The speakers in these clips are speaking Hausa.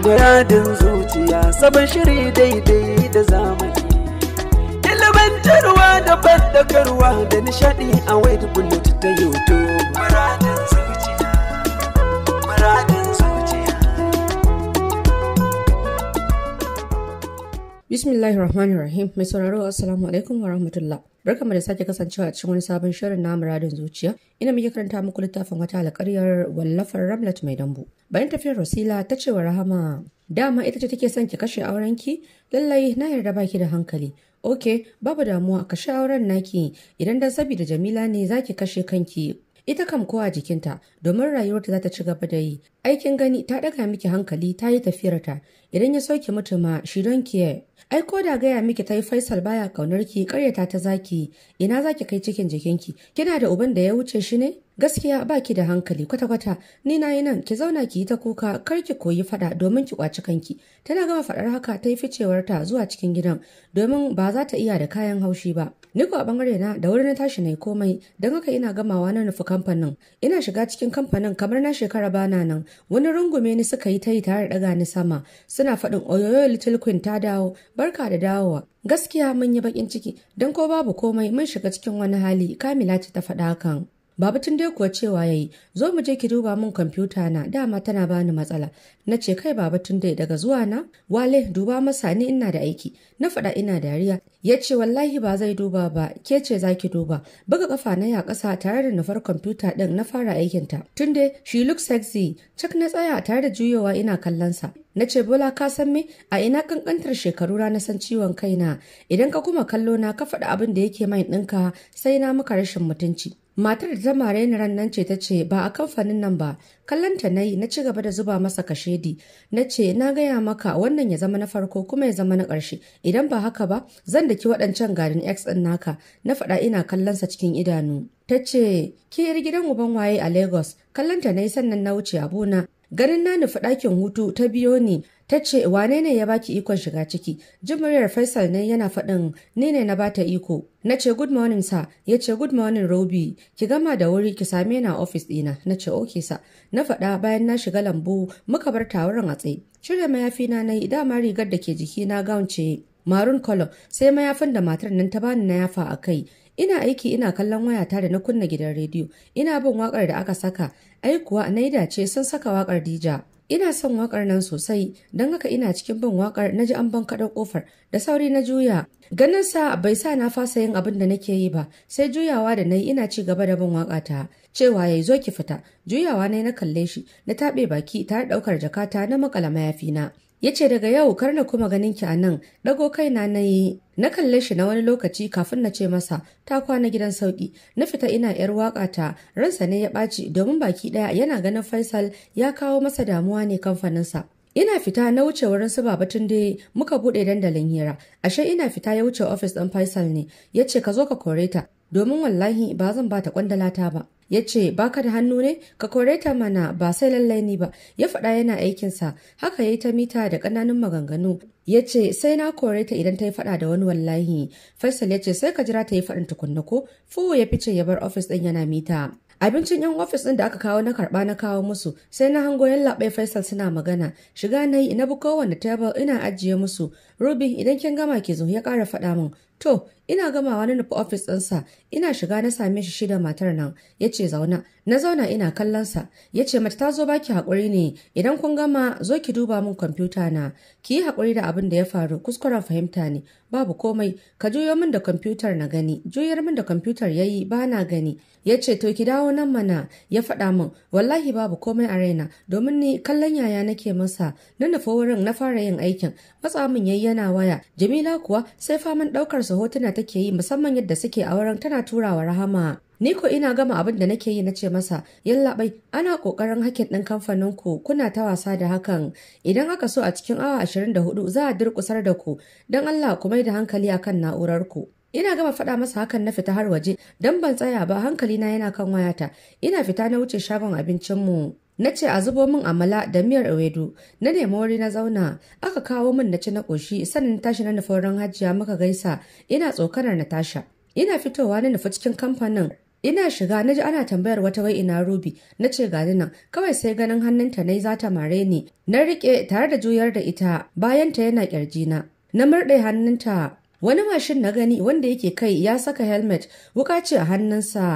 Muradin zuciya sabon shiri daidai da zamani. Ilimantarwa da bandakarwa da nishadi a wayar bullet ta YouTube. Muradin zuciya, muradin zuciya. Bismillahirrahmanirrahim. Mai sauraro, Assalamu alaikum wa rahmatullah. Barkanmu da sake kasancewa a cikin wani sabon shirin na muradin zuciya. Ina muke karanta muku littafin wata alƙaryar wallafar Ramlat mai dambu. Bayan tafiyar Rosila ta ce wa Rahama, dama ita ce take son ki kashe auren ki Lallai na yarda baki da hankali. Ok, babu damuwa ka sha auren naki idan dan sabida Jamila ne zaki kashe kanki ita kam kowa jikinta domin rayuwarta za ta ci gaba da yi aikin gani ta daga miki hankali ta yi tafiyarta idan ya sauke mutu ma shi don kiye ai ko da gaya miki ta yi faisal baya kaunar karyata ta zaki ina zaki kai cikin jikinki kina da uban da ya wuce shi ne gaskiya baki da hankali kwata-kwata ni na yi nan ki zauna ki yi ta kuka kar ki koyi fada domin ki kwaci kanki tana gama fadar haka ta yi ficewar ta zuwa cikin gidan domin ba za ta iya da kayan haushi ba ni ko a bangare na da wuri na tashi nayi komai don haka ina gamawa na nufi kamfanin ina shiga cikin kamfanin kamar na shekara bana nan wani rungume ni suka yi ta yi tare da daga ni sama suna faɗin oyoyo little queen ta dawo barka da dawowa gaskiya mun yi bakin ciki don ko babu komai mun shiga cikin wani hali kamila ce ta faɗa kan Babatun dai kuwa cewa yayi, "Zo mu je ki duba min kwamfuta na, dama tana bani matsala." Na ce kai Babatun dai daga zuwa na, "Wale, duba masa ni ina da aiki." Na faɗa ina dariya, ya ce wallahi ba zai duba ba, ke ce za ki duba. Buga kafa na ya ƙasa tare da nufar kwamfuta ɗin na fara aikinta. Tun dai, she looks sexy, cak na tsaya tare da juyowa ina kallonsa. Na ce Bola ka san me a ina kankantar shekaru na san ciwon kaina idan ka kuma kallo na ka faɗi abin da yake mai ɗinka sai na muka rashin mutunci. matar da ta mare ni ran nan ce ta ce ba a kamfanin nan ba kallanta na yi na ci gaba da zuba masa kashedi na ce na gaya maka wannan ya zama na farko kuma ya zama na ƙarshe idan ba haka ba zan daki waɗancan garin x ɗin naka na faɗa ina kallonsa cikin idanu ta ce ki yar gidan uban waye a lagos kallanta na yi sannan na wuce abuna ganin na nufi ɗakin hutu ta biyo ni ta ce wane ne ya baki ikon shiga ciki jimuriyar faisal ne yana faɗin ni ne na bata iko na ce good morning sa ya ce good morning robi ki gama da wuri ki same na ofis ɗina na ce ok sa na faɗa bayan na shiga lambu muka bar tawarin a tsaye cire mayafi na na yi dama rigar da ke jiki na gown ce marun color sai mayafin da matar nan ta bani na yafa a kai ina aiki ina kallon wayata da na kunna gidan rediyo ina bin wakar da aka saka ai kuwa naida ce sun saka wakar dija ina son wakar nan sosai don haka ina cikin bin wakar na ji an ban kaɗan ƙofar da sauri na juya ganin sa bai sa na fasa yin abin da nake yi ba sai juyawa da nayi ina ci gaba da bin waka ta cewa yayi zo ki fita juyawa nayi na kalle shi na taɓe baki tare ɗaukar jakata na makala mayafi na ya ce daga yau kar na kuma ganin ki a nan ɗago kaina na yi na kalle shi na wani lokaci kafin na ce masa ta kwana gidan sauki na fita ina yar waƙa ta ransa ne ya ɓaci domin baki ɗaya yana ganin faisal ya kawo masa damuwa ne kamfaninsa ina fita na wuce wurin su baba tun dai muka buɗe dandalin hira ashe ina fita ya wuce ofis ɗin faisal ne ya ce ka zo ka kore ta domin wallahi ba zan ba ta kwandala ta ba ya ce baka da hannu ne ka kore ta mana ba sai lallai ni ba ya faɗa yana aikinsa haka ya yi ta mita da ƙananun maganganu ya ce sai na kore ta idan ta yi faɗa da wani wallahi faisal ya ce sai ka jira ta yi faɗin tukunna ko fu ya fice ya bar ofis ɗin yana mita abincin yan ofis ɗin da aka kawo na karɓa na kawo musu sai na hango yan laɓe faisal suna magana shiga na yi na bi kowane tebur ina ajiye musu Rubin, idan kin gama ki zo ya ƙara faɗa min to ina gamawa na nufi ofis ɗinsa ina shiga na same shi shida matar nan ya ce zauna na zauna ina kallonsa ya ce mata ta zo baki haƙuri ne idan kun gama zo ki duba min kwamfuta na ki yi haƙuri da abin da ya faru kuskuren fahimta ne babu komai ka juyo min da kwamfutar na gani juyar min da kwamfutar ya yi ba na gani ya ce to ki dawo nan mana ya faɗa min wallahi babu komai a raina domin ni kallon yaya nake masa na nufi wurin na fara yin aikin matsa min yayi yana waya jamila kuwa sai faman ɗaukarsa hotuna ta take yi musamman yadda suke auren tana turawa rahama ni ko ina gama abin da nake yi nace masa masa yallaɓai ana kokarin hakin ɗin kamfanin ku kuna ta wasa da hakan idan aka so a cikin awa 24 za a durkusar da ku dan Allah ku mai da hankali akan na'urar ku ina gama faɗa masa hakan na fita har waje dan ban tsaya ba hankali na yana kan wayata ina fita na wuce shagon mu na ce a zubo min amala da miyar ewedu na nemi wuri na zauna aka kawo min na ci na ƙoshi sannan tashi na nufin ran hajiya muka gaisa ina tsokanar na tasha ina fitowa na nufi cikin kamfanin ina shiga na ji ana tambayar wata wai ina rubi na ce gani nan kawai sai ganin hannunta na yi za ta mare ni na riƙe tare da juyar da ita bayanta yana na. na murɗe hannunta wani mashin na gani wanda yake kai ya saka helmet wuka ce a hannunsa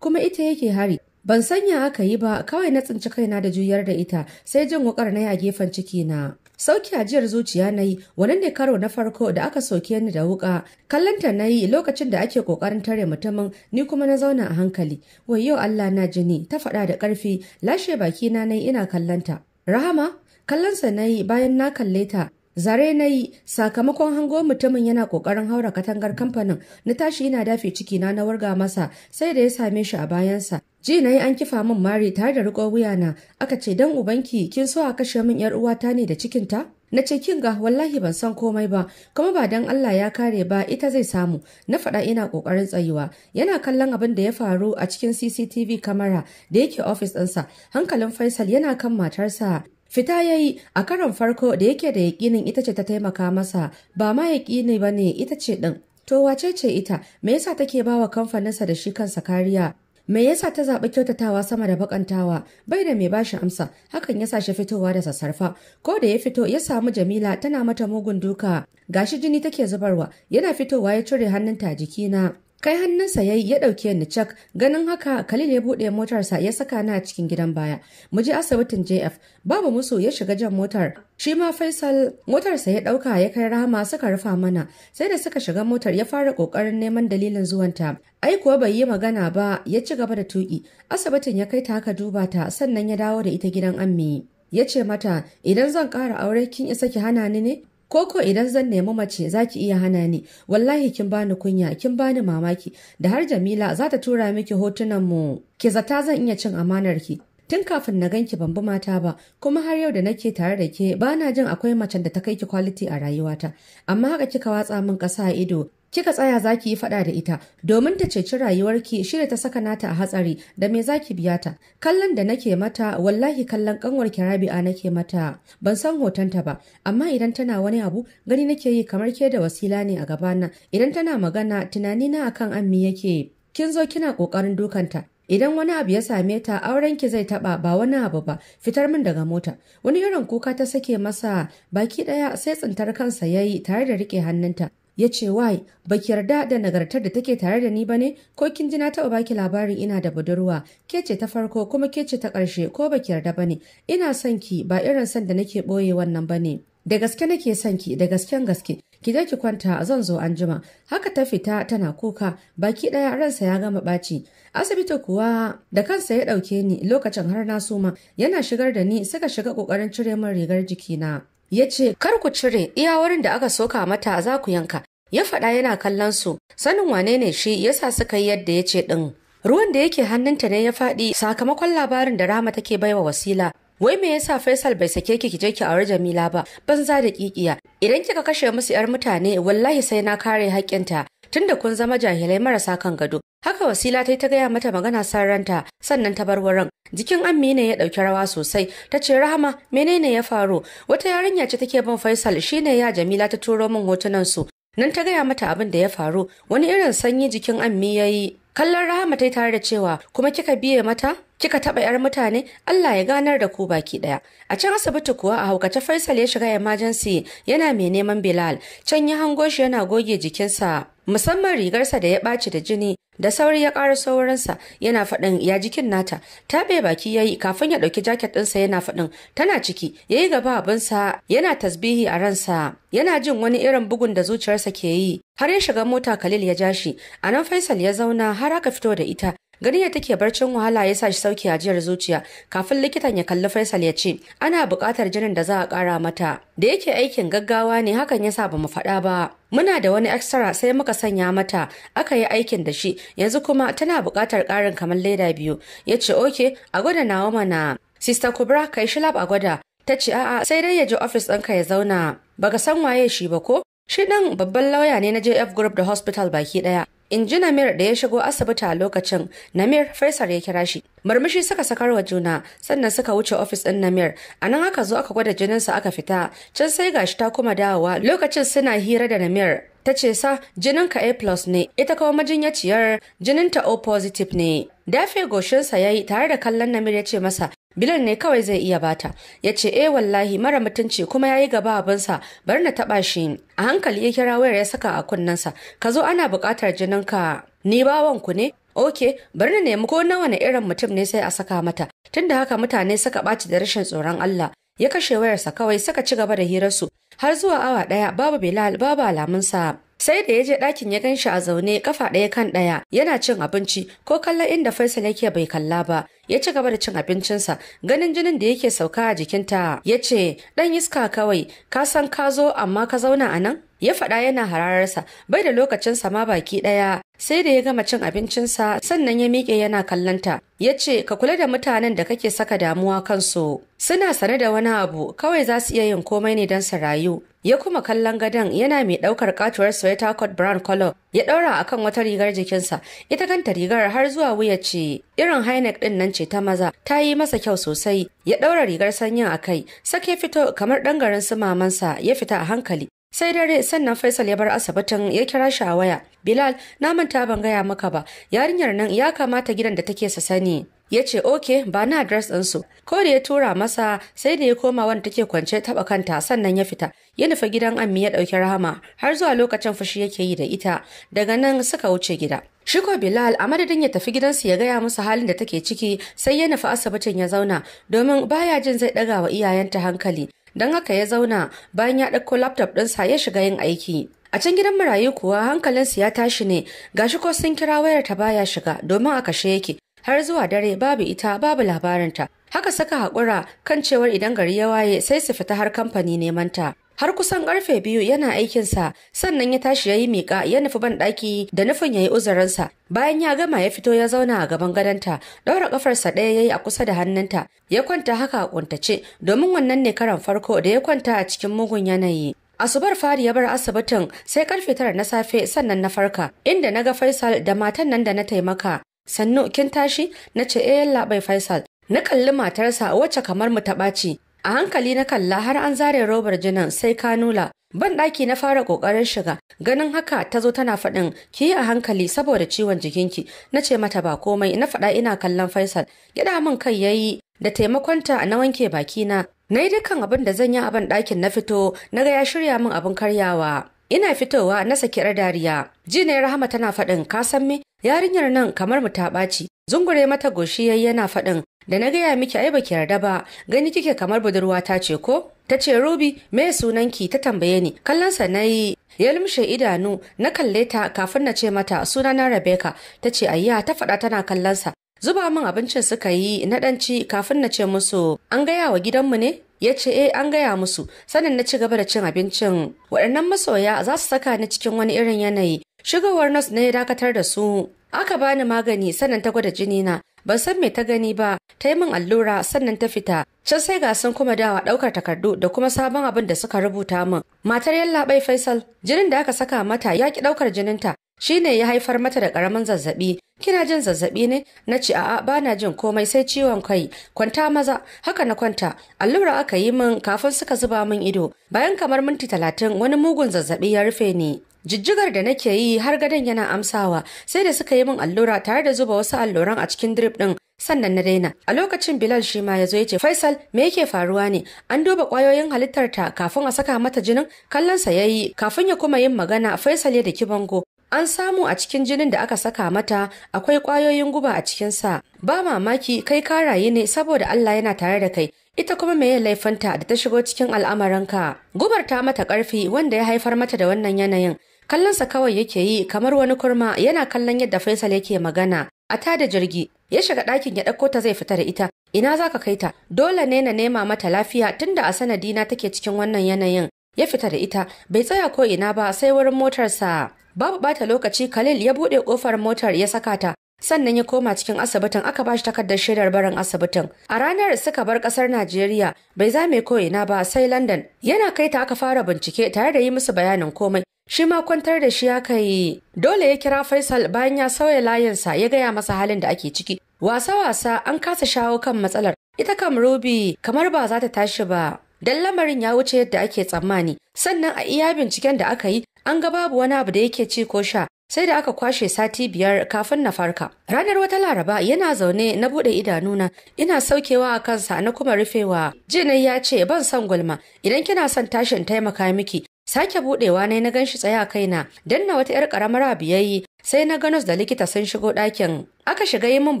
kuma ita yake hari Ban sanya aka yi ba, kawai na tsinci kaina da juyar da ita, sai jin wukar na yi a gefen ciki na. Sauki ajiyar zuciya na yi, Wani ne karo na farko da aka soke ni da wuka. Kallanta na yi lokacin da ake kokarin tare mutumin, ni kuma na zauna a hankali. Wayo Allah na jini, ta faɗa da ƙarfi, lashe baki na na ina kallanta. Rahama, kallonsa na yi bayan na kalle ta, Zare na yi sakamakon hango mutumin yana kokarin haura katangar kamfanin na tashi yana dafe ciki na na warga masa sai da ya same shi a bayansa. Ji na yi an kifa min mari tare da wuya wuyana aka ce dan ubanki kin so a kashe min yar uwata ne da cikinta? Na ce kin ga wallahi ban san komai ba kuma ba dan Allah ya kare ba ita zai samu na faɗa ina kokarin tsayuwa yana kallon abin da ya faru a cikin CCTV kamara da yake ofis ɗinsa hankalin Faisal yana kan matarsa Fita ya yi a karon farko da yake da yaƙinin ita ce ta taimaka masa ba ma yaƙini ba ne ita ce ɗin. To wace ce ita? Me yasa take ba wa kamfaninsa da shi kansa kariya? Me yasa ta zaɓi kyautatawa sama da baƙantawa? Bai da mai bashi amsa, hakan ya sa shi fitowa da sassarfa. Ko da ya fito ya samu Jamila tana mata mugun duka, gashi jini take zubarwa, yana fitowa ya cire hannunta a jikina. kai hannunsa ya yi ya ɗauke ni cak ganin haka Khalil ya buɗe motarsa ya saka na cikin gidan baya mu je asibitin JF babu musu ya shiga jan motar shi ma Faisal motarsa ya ɗauka ya kai Rahama suka rufa mana sai da suka shiga motar ya fara ƙoƙarin neman dalilin zuwanta ai kuwa bai yi magana ba ya ci gaba da tuƙi asibitin ya kai ta haka duba ta sannan ya dawo da ita gidan Ammi ya ce mata idan zan ƙara aure kin isa ki hana ni ne koko idan zan nemi mace za ki iya hana ni wallahi kin bani kunya kin bani mamaki da har jamila za ta tura miki hotunan mu ki zata zan iya cin amanar ki tun kafin na ganki ban bi mata ba kuma har yau da nake tare da ke bana jin akwai macen da ta kai ki quality a rayuwata amma haka kika watsa min kasa a ido kika tsaya zaki yi faɗa da ita domin ta ceci rayuwarki shi ta saka nata a hatsari da me zaki biya ta kallon da nake mata wallahi kallon kanwar rabi'a nake mata ban san hotonta ba amma idan tana wani abu gani nake yi kamar ke da wasila ne a gabana idan tana magana tunani na akan ammi yake kin zo kina kokarin dukanta idan wani abu ya same ta auren ki zai taba ba wani abu ba fitar min daga mota wani irin kuka ta sake masa baki daya sai tsintar kansa yayi tare da rike hannunta ya ce wai ba ki yarda da nagartar da take tare da ni ba ne ko kin ji na taɓa baki labarin ina da budurwa ke ce ta farko kuma ke ce ta ƙarshe ko ba ki yarda ba ne ina son ki ba irin son da nake ɓoye wannan ba ne da gaske nake son ki da gasken gaske ki je ki kwanta zan zo an jima haka ta fita tana kuka baki ɗaya ransa ya gama ɓaci asibiti kuwa da kansa ya ɗauke ni lokacin har na suma yana shigar da ni suka shiga ƙoƙarin cire min rigar jikina ya ce kar ku cire iyawarin da aka soka mata za ku yanka ya faɗa yana kallon su sanin wane ne shi yasa suka yi yadda ya ce ɗin ruwan da yake hannunta ne ya faɗi sakamakon labarin da rama take baiwa wasila wai me yasa Faisal bai sake ki je ki aure Jamila ba Ban za da kikiya idan kika kashe musu yar mutane wallahi sai na kare haƙƙinta tunda kun zama jahilai marasa kan gado haka wasila ta yi ta gaya mata magana san sannan ta bar wurin jikin ne ya dauki rawa sosai ta ce rahama menene ya faru wata yarinya ce take bin faisal shine ya jamila ta turo min hotunan su nan ta gaya mata abin da ya faru wani irin sanyi jikin ammi yayi kallon rahama ta tare da cewa kuma kika biye mata kika taba yar mutane Allah ya ganar da ku baki daya a can asibiti kuwa a haukace Faisal ya shiga emergency yana mai neman Bilal can ya hango shi yana goge jikinsa musamman rigarsa da ya ɓaci da jini da sauri ya ƙara saurinsa yana faɗin ya jikin nata taɓe baki ya yi kafin ya ɗauki jaket ɗinsa yana faɗin tana ciki ya yi gaba abinsa yana tasbihi a ransa yana jin wani irin bugun da zuciyarsa ke yi har ya shiga mota khalil ya ja shi a nan faisal ya zauna har aka fito da ita ganin ya take barcin wahala ya sa shi sauki ajiyar zuciya kafin likitan ya kalli Faisal ya ce ana buƙatar jinin da za a ƙara mata da yake aikin gaggawa ne hakan ya sa ba mu faɗa ba muna da wani extra sai muka sanya mata aka yi aikin da shi yanzu kuma tana buƙatar ƙarin kamar leda biyu ya ce oke a gwada nawa mana sista kubra kai shi lab a gwada ta ce a'a sai dai ya je ofis ɗinka ya zauna baka san waye shi ba ko Shi ɗin babban lauya ne na JF Group da hospital baki ɗaya. In ji Namir da ya shigo asibiti a lokacin, Namir Faisal ya kira shi. Murmushi suka sakar wa juna, sannan suka wuce ofis ɗin Namir. A nan aka zo aka gwada jininsa aka fita, can sai gashi ta kuma dawowa lokacin suna hira da Namir. Ta ce sa jininka A plus ne, ita kawo majinyaciyar jininta O positive ne. Dafe goshinsa ya yi tare da kallon Namir ya ce masa, Bilal ne kawai zai iya bata. Ya ce eh wallahi mara mutunci kuma ya yi gaba abinsa bar na taɓa shi. A hankali ya kira wayar ya saka a kunnensa. Ka zo ana buƙatar ka." Ni bawanku ne? Ok, bari na nemi ko na wani irin mutum ne sai a saka mata. Tunda haka mutane suka ɓaci da rashin tsoron Allah. Ya kashe wayarsa kawai suka ci gaba da hirarsu har zuwa awa ɗaya babu Bilal babu alamunsa. sai da ya je ɗakin ya gan shi a zaune kafa ɗaya kan ɗaya yana cin abinci ko kallon inda Faisal yake bai kalla ba ya ci gaba da cin abincinsa ganin jinin da yake sauka a jikinta ya ce ɗan iska kawai ka san ka zo amma ka zauna a nan ya faɗa yana hararsa bai da lokacinsa ma baki ɗaya sai da ya gama cin abincinsa sannan ya miƙe yana kallonta ya ce ka kula da mutanen da kake saka damuwa kansu suna sane da wani abu kawai za su iya yin komai ne don su rayu ya kuma kallon gadon yana mai ɗaukar katuwar sweater coat brown color ya ɗaura akan wata rigar jikinsa ita kanta rigar har zuwa wuya ce irin hainek ɗin nan ce ta maza ta yi masa kyau sosai ya ɗaura rigar sanyin a kai Saka ya fito kamar ɗan garin su mamansa ya fita a hankali sai dare sannan faisal ya bar asibitin ya kira shi a waya bilal na manta ban gaya maka ba yarinyar nan ya kamata gidan da take sa sani ya ce oke ba na adres ɗinsu ko da ya tura masa sai da ya koma wanda take kwance taba kanta sannan ya fita ya nufa gidan ammi ya ɗauki rahama har zuwa lokacin fushi yake yi da ita daga nan suka wuce gida Shiko Bilal a madadin ya tafi gidansu ya gaya musu halin da take ciki sai ya nufi asibitin ya zauna domin baya jin zai ɗaga wa iyayenta hankali don haka ya zauna bayan ya ɗauko laptop ɗinsa ya shiga yin aiki a can gidan marayu kuwa hankalinsu ya tashi ne gashi ko sun kira wayar ta baya shiga domin a kashe yake har zuwa dare babu ita babu labarinta haka saka haƙura kan cewar idan gari ya waye sai su fita har kamfani neman ta har kusan karfe biyu yana aikinsa sannan ya tashi ya yi miƙa ya nufi banɗaki da nufin ya yi uzurinsa bayan ya gama ya fito ya zauna a gaban gadonta ɗaura ƙafarsa ɗaya ya yi a kusa da hannunta ya kwanta haka a ƙuntace domin wannan ne karan farko da ya kwanta a cikin mugun yanayi Asubar fari ya bar asibitin sai karfe tara na safe sannan na farka inda na ga Faisal da matan nan da na taimaka. Sannu kin tashi na ce eh bai Faisal na kalli matarsa wacce kamar mu ta ɓaci a hankali na kalla har an zare robar jinin sai ka nula ban ɗaki na fara ƙoƙarin shiga ganin haka ta zo tana faɗin ki yi a hankali saboda ciwon jikinki na ce mata ba komai na faɗa ina kallon faisal Gida min kai yayi da taimakonta na wanke bakina na yi dukkan abin da zan yi a ban ɗakin na fito na ga ya shirya min abin karyawa ina fitowa na saki dariya ji ne rahama tana faɗin ka san me yarinyar nan kamar mu ta ɓaci zungure mata goshi yayi yana faɗin da na gaya miki ai baki yarda ba gani kike kamar budurwa ta ce ko ta ce ruby me sunanki ta tambaye ni kallonsa na yi ya lumshe idanu na kalle ta kafin na ce mata sunana rebecca ta ce ayya ta faɗa tana kallonsa zuba min abincin suka yi na ɗanci kafin na ce musu an gaya wa gidanmu ne ya ce eh an gaya musu sanin na ci gaba da cin abincin waɗannan masoya za su saka ni cikin wani irin yanayi shigowar nas na ya dakatar da su Aka bani magani sannan ta gwada jini na ban san me ta gani ba ta yi min allura sannan ta fita can sai ga sun kuma dawa ɗaukar takardu da kuma sabon abin da suka rubuta min matar yallaɓai faisal jinin da aka saka mata ya ki ɗaukar jininta shine ya haifar mata da ƙaramin zazzabi kina jin zazzabi ne na ci a'a bana jin komai sai ciwon kai kwanta maza haka na kwanta allura aka yi min kafin suka zuba min ido bayan kamar minti talatin wani mugun zazzabi ya rufe ni jijjigar da nake yi har gadon yana amsawa sai da suka yi min allura tare da zuba wasu alluran a cikin drip din sannan na daina a lokacin bilal shi ma ya zo ya ce faisal me yake faruwa ne an duba kwayoyin halittar ta kafin a saka mata jinin kallonsa ya yi kafin ya kuma yin magana faisal ya daki bango an samu a cikin jinin da aka saka mata akwai kwayoyin guba a cikinsa ba mamaki kai ka rayu ne saboda allah yana tare da kai ita kuma meye laifinta da ta shigo cikin al'amarinka gubar ta mata ƙarfi wanda ya haifar mata da wannan yanayin Kallon sa kawai yake yi kamar wani kurma yana kallon yadda faisal yake magana a da jirgi ya shiga ɗakin ya ɗauko ta zai fita da ita ina za ka kai ta dole ne na nema mata lafiya tunda a sanadina take cikin wannan yanayin ya fita da ita bai tsaya ko ina ba sai wurin motarsa babu bata lokaci khalil ya buɗe ƙofar motar ya saka ta sannan ya koma cikin asibitin aka bashi takardar shaidar barin asibitin a ranar suka bar ƙasar najeriya bai zame ko ina ba sai london yana kai ta aka fara bincike tare da yi musu bayanin komai shi ma kwantar da shi aka yi dole ya kira faisal bayan ya sauya layinsa ya gaya masa halin da ake ciki wasa-wasa an kasa shawo kan matsalar ita kam rubi kamar ba za ta tashi ba dan lamarin ya wuce yadda ake tsammani sannan a iya binciken da aka yi an ga babu wani abu da yake ci ko sha sai da aka kwashe sati biyar kafin na farka ranar wata laraba yana zaune na bude idanuna ina saukewa a kansa na kuma rufewa jinai ya ce ban son gulma idan kina son tashin taimaka miki sake budewa ne na ganshi tsaye a kaina danna wata yar karamar abiyayi sai na ganos da likita sun shigo ɗakin aka shiga yi min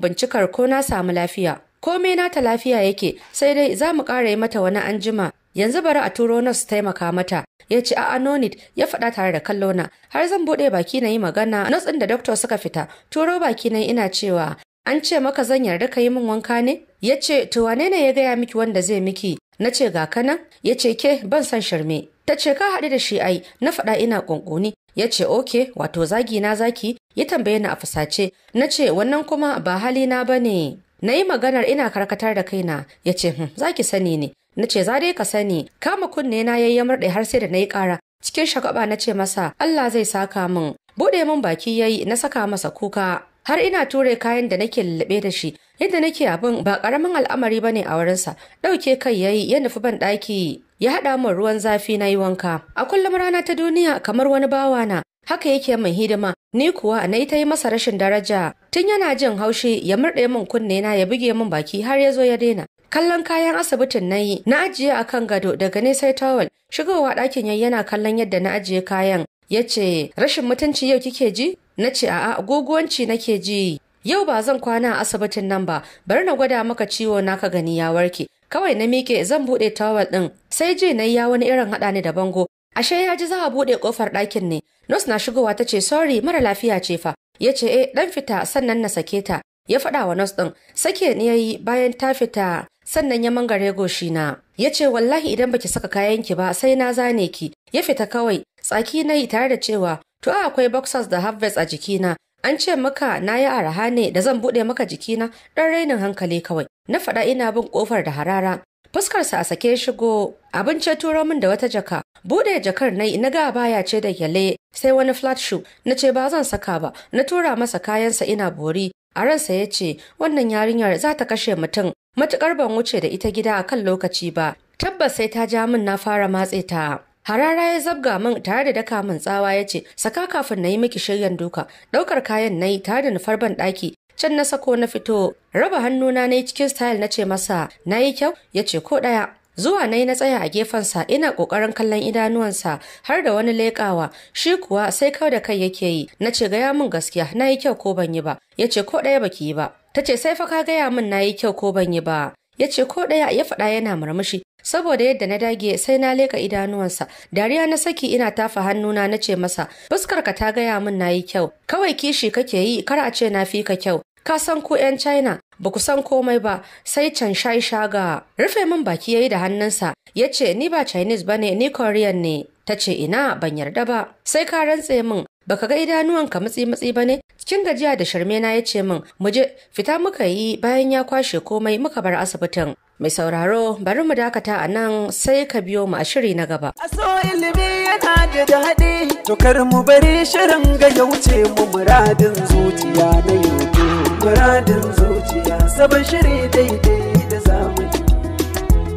bincikar ko na samu lafiya komai nata lafiya yake sai dai za mu ƙara yi mata wani anjima yanzu bari a turo na taimaka mata ya ci a anonit ya faɗa tare da kallo na. har zan buɗe baki na yi magana nos ɗin da doktor suka fita turo baki na ina cewa an ce maka zan yarda ka yi min wanka ne ya ce to wane ne ya gaya miki wanda zai miki na ce ga kanan ya ce ke ban san shirme ta ce ka haɗu da shi ai na faɗa ina ƙunƙuni ya ce oke wato zagi na zaki ya tambaye ni a fusace na ce wannan kuma ba hali na ba ne na yi maganar ina karkatar da kaina ya ce hm, zaki sani ne na ce za dai ka sani kama kunne na yayi ya murɗe har sai da na yi ƙara cikin shagaba na ce masa Allah zai saka min buɗe min baki yayi na saka masa kuka har ina ture kayan da nake lullube da shi yadda nake abin ba karamin al'amari ba ne a wurinsa ɗauke kai yayi ya nufi ban ɗaki ya haɗa min ruwan zafi na yi wanka a kullum rana ta duniya kamar wani bawana haka yake min hidima ni kuwa na ta yi masa rashin daraja tun yana jin haushi ya murɗe min kunne na ya buge min baki har ya zo ya daina kallon kayan asibitin na yi na ajiye a kan gado daga ne sai tawal shigowa ɗakin yayi yana kallon yadda na ajiye kayan ya ce rashin mutunci yau kike ji na ce a'a agogowanci nake ji yau ba zan kwana a asibitin nan ba bari na gwada maka ciwo naka gani ya warke kawai na miƙe zan buɗe tawal ɗin sai je na ya wani irin haɗa ne da bango ashe ya ji za a buɗe kofar ɗakin ne nos na shigowa ta ce sorry mara lafiya ce fa ya ce eh ɗan fita sannan na sake ta ya faɗa wa nos ɗin sake ni yayi bayan ta fita sannan ya mangare goshi na ya ce wallahi idan baki saka kayan ki ba sai na zane ki ya fita kawai tsaki na yi tare da cewa to akwai boxers da harvest a jikina an ce maka na yi araha ne da zan buɗe maka jikina ɗan rainin hankali kawai na faɗa ina bin kofar da harara fuskarsa a sake shigo abin ce turo min da wata jaka bude jakar na na ga baya ce da yale sai wani flat shoe na ce ba zan saka ba na tura masa kayansa ina bori a ransa ya ce wannan yarinyar za ta kashe mutum matukar ban wuce da ita gida a kan lokaci ba tabbas sai ta ja min na fara matse ta Harara ya zabga min tare da daka min tsawa ya ce, Saka kafin na yi miki shiryan duka, ɗaukar kayan na yi tare da nufar ban ɗaki, can na sako na fito, raba hannuna na yi cikin style na ce masa, na yi kyau, ya ce ko ɗaya. Zuwa na yi na tsaya a gefensa ina ƙoƙarin kallon idanuwansa har da wani leƙawa, shi kuwa sai kau da kai yake yi, na ce gaya min gaskiya na yi kyau ko ban yi ba, ya ce ko ɗaya baki yi ba. Ta ce sai fa ka gaya min na yi kyau ko ban yi ba. ya ce ko ɗaya ya faɗa yana murmushi saboda yadda na dage sai na leka idanuwansa dariya na saki ina tafa hannuna na ce masa fuskar ka ta gaya min na yi kyau kawai kishi kake yi kar a ce na fi ka kyau ka san ku 'yan china ba ku san komai ba sai can shai shaga rufe min baki ya yi da hannunsa ya ce ni ba chinese ba ne ni korean ne ta ce ina ban yarda ba sai ka rantse min baka ga idanuwan ka matsi matsi ba ne cikin gajiya da sharmena ya ce min mu je fita muka yi bayan ya kwashe komai muka bar asibitin mai sauraro bari mu dakata a nan sai ka biyo mu a shiri na gaba a so ilimi yana da daɗi to kar mu bari shirin ga ya wuce mu muradin zuciya na yau muradin zuciya sabon shiri daidai da zamani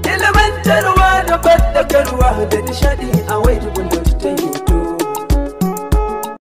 ilimantarwa da fadakarwa da nishadi a wai